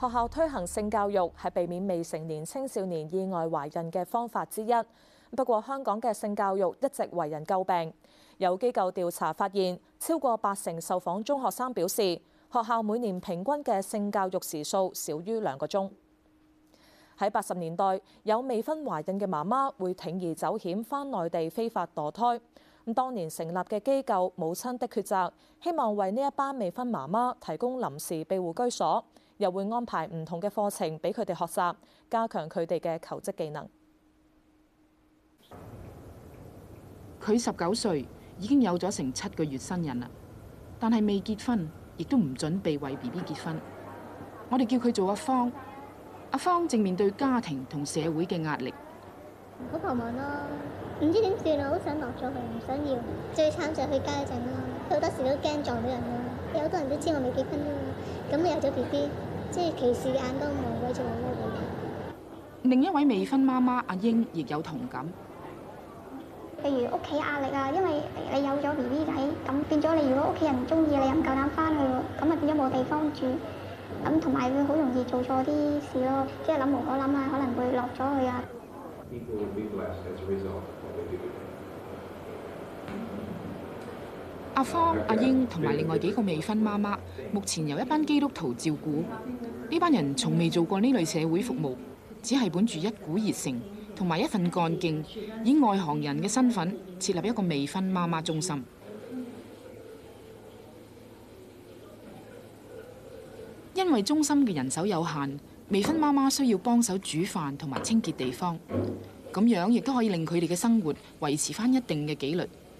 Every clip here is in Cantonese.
學校推行性教育係避免未成年青少年意外懷孕嘅方法之一。不過，香港嘅性教育一直為人詬病。有機構調查發現，超過八成受訪中學生表示，學校每年平均嘅性教育時數少於兩個鐘。喺八十年代，有未婚懷孕嘅媽媽會鋌而走險，返內地非法墮胎。咁當年成立嘅機構《母親的抉擇》，希望為呢一班未婚媽媽提供臨時庇護居所。又會安排唔同嘅課程俾佢哋學習，加強佢哋嘅求職技能。佢十九歲，已經有咗成七個月身孕啦，但係未結婚，亦都唔準備為 B B 結婚。我哋叫佢做阿芳，阿芳正面對家庭同社會嘅壓力。好彷徨啦，唔知點算，好想落咗去，唔想要。最慘就係去街嗰陣啦，好多時都驚撞到人啦。有好多人都知我未結婚噶、啊、嘛，咁有咗 B B。即係歧視眼都冇，好似冇乜嘢。另一位未婚媽媽阿英亦有同感。譬如屋企壓力啊，因為你，你有咗 BB 仔，咁變咗你如果屋企人唔中意，你又唔夠膽翻去喎，咁啊變咗冇地方住，咁同埋會好容易做錯啲事咯，即係諗唔好諗啊，可能會落咗去啊。阿芳、阿英同埋另外幾個未婚媽媽，目前由一班基督徒照顧。呢班人從未做過呢類社會服務，只係本住一股熱誠同埋一份幹勁，以外行人嘅身份設立一個未婚媽媽中心。因為中心嘅人手有限，未婚媽媽需要幫手煮飯同埋清潔地方，咁樣亦都可以令佢哋嘅生活維持返一定嘅紀律。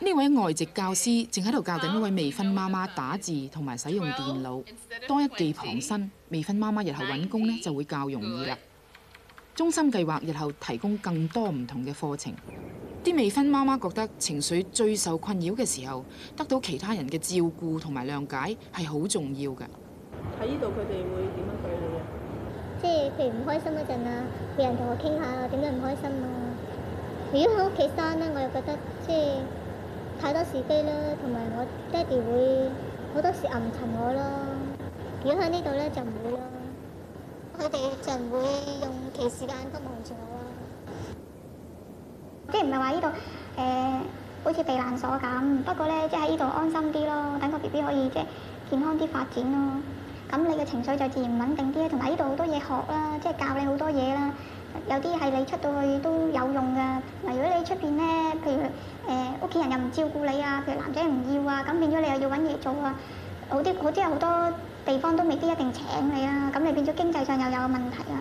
呢位外籍教師正喺度教緊一位未婚媽媽打字同埋使用電腦，多一技傍身，未婚媽媽日後揾工呢就會較容易啦。中心計劃日後提供更多唔同嘅課程，啲未婚媽媽覺得情緒最受困擾嘅時候，得到其他人嘅照顧同埋諒解係好重要嘅。喺呢度佢哋會點樣對我？即係佢唔開心嗰陣啊，有人同我傾下啊，點解唔開心啊？如果喺屋企生呢，我又覺得即係。太多是非啦，同埋我爹哋會好多時吟沉我，我咯。如果喺呢度咧，就唔會咯。佢哋就唔會用其時間都望住我咯。即係唔係話呢度誒好似避難所咁？不過咧，即係喺呢度安心啲咯。等個 B B 可以即係健康啲發展咯。咁你嘅情緒就自然穩定啲，同埋呢度好多嘢學啦，即係教你好多嘢啦。有啲係你出到去都有用㗎，嗱，如果你出邊咧，譬如誒屋企人又唔照顧你啊，譬如男仔又唔要啊，咁變咗你又要搵嘢做啊，好啲好啲有好多地方都未必一定請你啊，咁你變咗經濟上又有問題啊。